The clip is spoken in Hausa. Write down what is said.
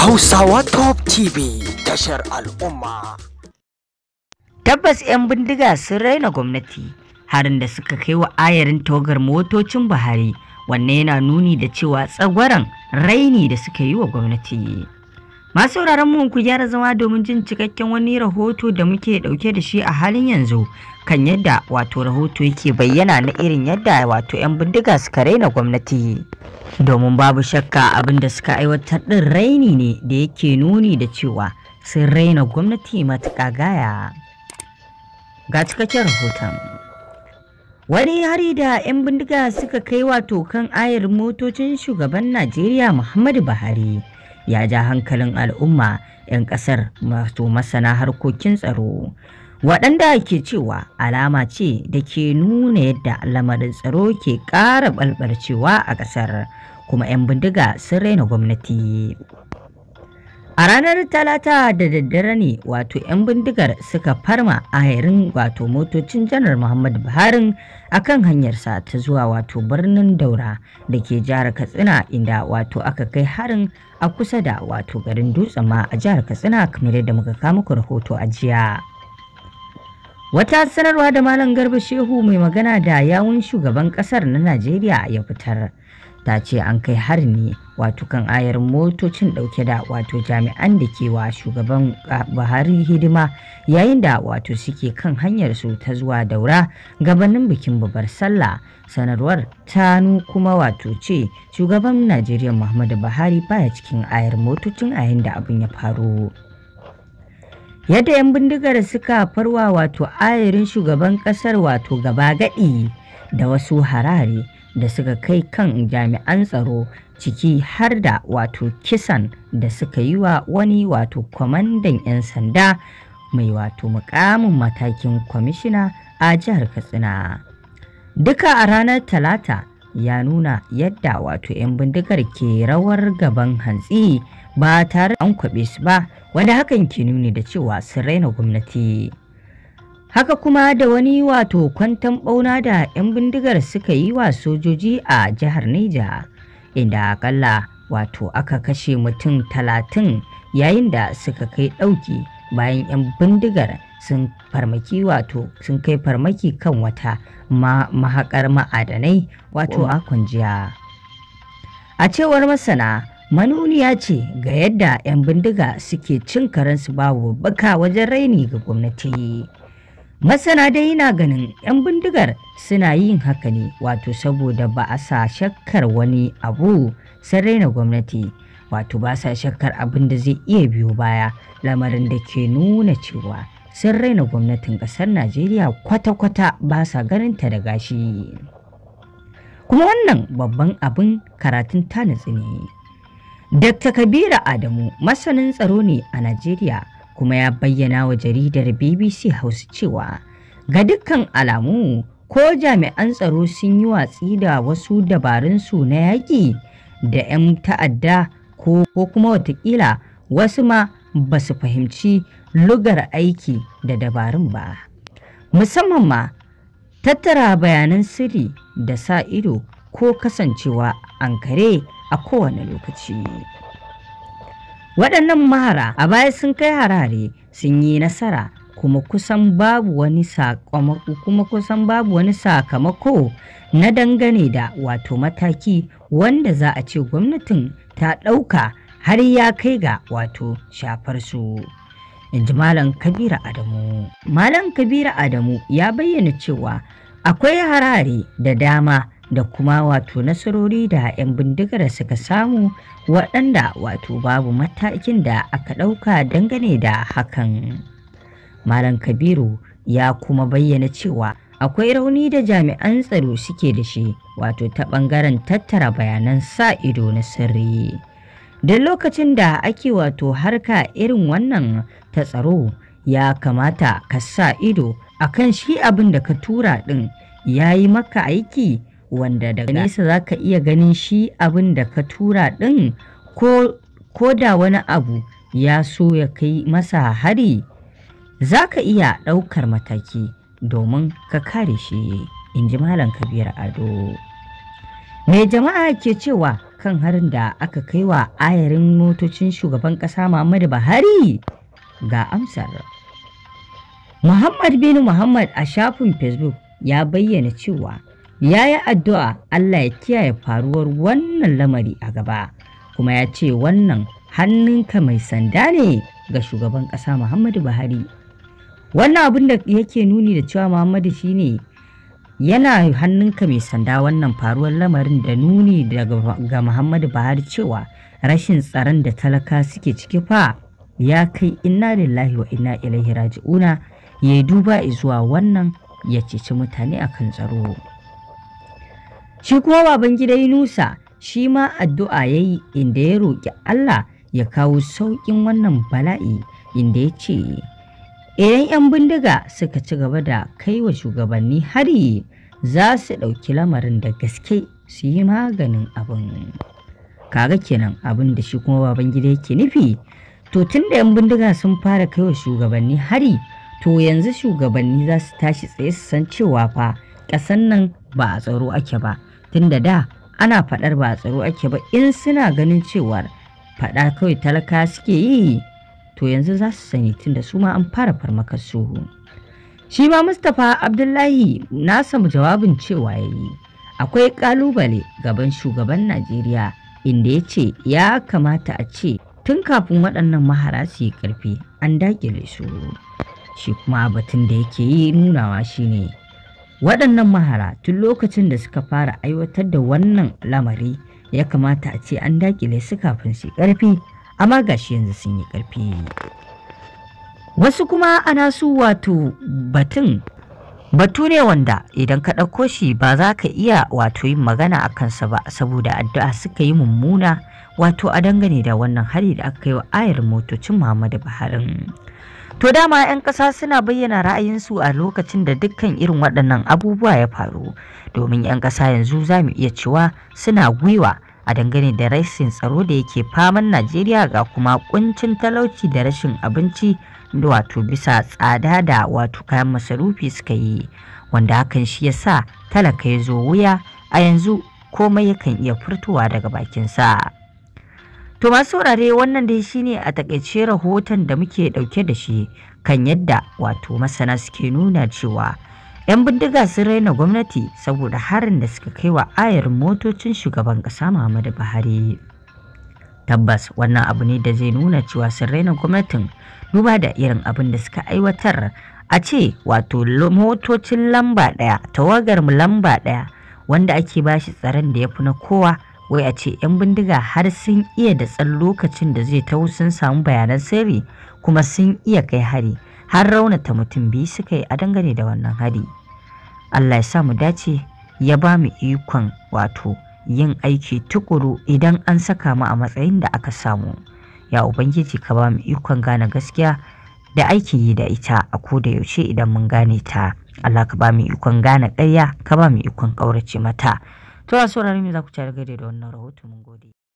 Hausawa Top TV tashar al'umma. Tabbas 'yan bindiga sun raina gwamnati harin da suka kai wa ayarin togar motocin Buhari wannan yana nuni da cewa tsagwaran raini da suka yi wa gwamnati. Masu sauraron mu ku gyara zama domin jin cikakken wani rahoto da muke dauke da shi a halin yanzu kan yadda wato rahoto yake bayyana na irin yadda wato 'yan bindiga suka raina gwamnati. Domin babu shakka abin da suka aiwatar din raini ne da yake nuni da cewa sun raina gwamnati matuƙa gaya. Ga cikakken rahoton. Wani hari da 'yan bindiga suka kai wato kan ayar motocin shugaban Najeriya Muhammadu Buhari. ya ja hankalin al'umma 'yan ƙasar masu masana harkokin tsaro waɗanda ke cewa alama ce da ke nuna yadda lamarin tsaro ke ƙara ɓalɓalcewa a ƙasar kuma 'yan bindiga sun raina gwamnati A ranar Talata da daddare ne wato 'yan bindigar suka farma a hayarin wato motocin janar Muhammadu Buhari a kan hanyarsa ta zuwa wato birnin Daura da ke jihar Katsina inda wato aka kai harin a kusa da wato garin Dutsen ma a jihar Katsina kamar yadda muka kama rahoto a jiya. Wata sanarwa da Malam Garba Shehu mai magana da yawun shugaban kasar na Najeriya ya fitar ta ce an kai harin ne wato kan ayar motocin dauke da wato jami'an da ke wa shugaban buhari hidima yayin da wato suke kan hanyar su ta zuwa daura gabanin bikin babar sallah sanarwar tanu kuma wato ce shugaban najeriya muhammadu buhari baya cikin ayar motocin a da abin ya faru yadda 'yan bindigar suka farwa wato ayarin shugaban kasar wato gaba gadi da wasu harare da suka kai kan jami'an tsaro ciki har da wato kisan da suka yi wa wani wato kwamandan 'yan sanda mai wato mukamin matakin kwamishina a jihar katsina duka a ranar talata ya nuna yadda wato 'yan bindigar ke rawar gaban hantsi ba tare an kwaɓe su ba wanda hakan ke nuni da cewa sun raina gwamnati haka kuma da wani wato kwantan bauna da 'yan bindigar suka yi wa sojoji a jihar Neja inda akalla wato aka kashe mutum talatin yayin da suka kai ɗauki bayan 'yan bindigar sun farmaki wato sun kai farmaki kan wata ma mahakar ma'adanai wato a kunjiya a cewar masana manuniya ce ga yadda 'yan bindiga suke cin karansu babu baka wajen raini ga gwamnati masana dai na ganin 'yan bindigar suna yin haka ne wato saboda ba a sa shakkar wani abu sun raina gwamnati wato ba sa shakkar abin da zai iya biyo baya lamarin da ke nuna cewa sun raina gwamnatin ƙasar najeriya kwata-kwata ba sa ganinta da gashi kuma wannan babban abin karatun tanitsi ne dr kabiru adamu masanin tsaro ne a najeriya kuma ya bayyana wa jaridar BBC Hausa cewa ga dukkan alamu ko jami'an tsaro sun yi watsi da wasu dabarunsu na yaƙi da 'yan ta'adda ko kuma watakila wasu ma ba su fahimci lugar aiki da dabarun ba musamman ma tattara bayanan sirri da sa ido ko kasancewa an kare a kowane lokaci. waɗannan mahara a baya sun kai harare sun yi nasara kuma kusan babu wani sakamako kuma kusan babu wani sakamako na dangane da wato mataki wanda za a ce gwamnatin ta ɗauka har ya kai ga wato shafar su in ji malam kabira adamu malam kabira adamu ya bayyana cewa akwai harare da dama da kuma wato nasarori da 'yan bindigar suka samu waɗanda wato babu matakin da aka ɗauka dangane da hakan. Malam Kabiru ya kuma bayyana cewa akwai rauni da jami'an tsaro suke da shi wato ta ɓangaren tattara bayanan sa ido na sirri. Da lokacin da ake wato harka irin wannan ta tsaro ya kamata ka sa ido akan shi abin da ka tura ɗin ya yi maka aiki wanda daga nesa za ka iya ganin shi abin da ka tura ɗin ko da wani abu ya so ya kai masa hari za ka iya ɗaukar mataki domin ka kare shi in ji malam kabir ado mai jama'a ke cewa kan harin da aka kai wa ayarin motocin shugaban ƙasa muhammadu buhari ga amsar muhammad bin muhammad a shafin facebook ya bayyana cewa ya yi addu'a Allah ya kiyaye faruwar wannan lamari a gaba kuma ya ce wannan hannunka mai sanda ne ga shugaban ƙasa Muhammadu Buhari. Wannan abin da yake nuni da cewa Muhammadu shi ne yana hannunka mai sanda wannan faruwar lamarin da nuni ga Muhammadu Buhari cewa rashin tsaron da talaka suke ciki fa ya kai inna lillahi wa inna ilaihi raji'una ya duba zuwa wannan ya ceci mutane akan tsaro. Shi kuma baban gida Yunusa shi ma addu'a ya yi inda ya roƙi Allah ya kawo sauƙin wannan bala'i inda ya ce, Idan 'yan bindiga suka ci gaba da kai wa shugabanni hari za su ɗauki lamarin da gaske su yi maganin abin. Kaga kenan abin da shi kuma baban gida yake nufi, to tun da 'yan bindiga sun fara kai wa shugabanni hari, to yanzu shugabanni za su tashi tsaye su san cewa fa ƙasan nan ba a tsaro ake ba. tun da da ana faɗar ba tsaro ake ba in suna ganin cewar faɗa kawai talaka suke yi to yanzu za su sani tun da su ma an fara farmakar suhu shi ma mustapha abdullahi nasa jawabin cewa ya yi akwai kalubale gaban shugaban najeriya inda ya ce ya kamata a ce tun kafin waɗannan mahara su yi ƙarfi an dakile su shi kuma batun da yake yi nunawa shine waɗannan mahara tun lokacin da suka fara aiwatar da wannan lamari ya kamata a ce an dakile su kafin su ƙarfi amma gashi yanzu sun yi ƙarfi wasu kuma ana su wato batun batu ne wanda idan ka ɗauko shi ba za ka iya wato yin magana a kansa ba saboda addu'a suka yi mummuna wato a dangane da wannan hari da aka yi wa ayar motocin muhammadu buhari To dama 'yan ƙasa suna bayyana ra'ayinsu a lokacin da dukkan irin waɗannan abubuwa ya faru, domin 'yan ƙasa yanzu za mu iya cewa suna gwiwa a dangane da rashin tsaro da yake faman Najeriya ga kuma kuncin talauci da rashin abinci da wato bisa tsada da wato kayan masarufi suka yi, wanda hakan shi ya sa talaka ya zo wuya a yanzu komai yakan iya furtowa daga bakinsa. To masu saurare wannan dai shine a takaice rahoton da muke dauke da shi kan yadda wato masana suke nuna cewa 'yan bindiga sun raina gwamnati saboda harin da suka kai wa ayar motocin shugaban kasa Muhammadu Buhari. Tabbas wannan abu ne da zai nuna cewa sun raina gwamnatin duba da irin abin da suka aiwatar a ce wato motocin lamba ɗaya tawagar mu lamba ɗaya wanda ake bashi tsaron da ya fi na kowa wai a ce 'yan bindiga har sun iya da tsan lokacin da zai taho sun samu bayanan sirri kuma sun iya kai hari har raunata mutum biyu suka yi a dangane da wannan hari allah ya sa mu dace ya ba mu ikon wato yin aiki tukuru idan an saka mu a matsayin da aka samu ya ubangiji ka ba mu ikon gane gaskiya da aiki yi da ita a ko da yaushe idan mun gane ta Allah ka ba mu ikon gane ɗaya ka ba mu ikon ƙaurace mata To a saurare me za ku ci da wannan rahoto mun gode.